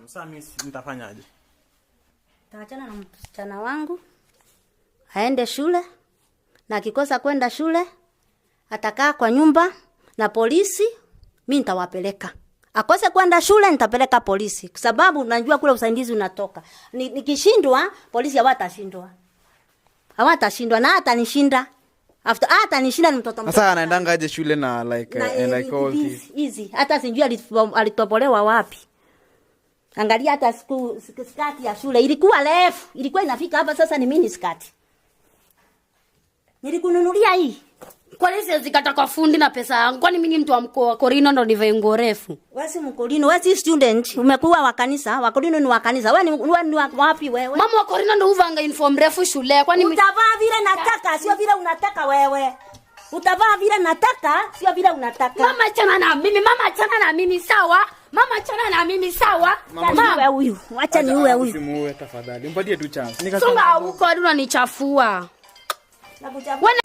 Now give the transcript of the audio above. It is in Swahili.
Naam, sasa mimi nitafanyaje? Taachana na msichana wangu aende shule, na akikosa kwenda shule atakaa kwa nyumba na polisi, mi nitawapeleka akose kwenda shule nitapeleka polisi, kwa sababu najua kule usaidizi unatoka. Nikishindwa ni polisi hawatashindwa, hawatashindwa na hata nishinda after hata nishinda. Ni mtoto sasa anaendanga aje shule na like na, uh, eh, and like all this easy, hata sijui alitopolewa wapi. Angalia hata siku skati ya shule ilikuwa refu, ilikuwa inafika hapa, sasa ni mini skati. Nilikununulia hii. Kwa nini siwezi kata kwa fundi na pesa yangu? Kwani mimi ni mtu wa mkoa wa Korino ndo nivae nguo refu? Wewe mkorino, wewe si student, umekuwa wa kanisa, wa Korino ni wa kanisa. Wewe ni wewe ni wapi wewe? Mama wa Korino ndo uvanga uniform refu shule. Kwani mimi utavaa vile nataka, sio vile unataka wewe. Utavaa vile nataka, sio vile unataka. Mama achana na mimi, mama achana na mimi, sawa? Mama, achana na mimi sawa? Mama huyu, acha ni uwe huyu. Simuue tafadhali. Mpatie tu chance. Nikasema huko unanichafua. Nakuchafua.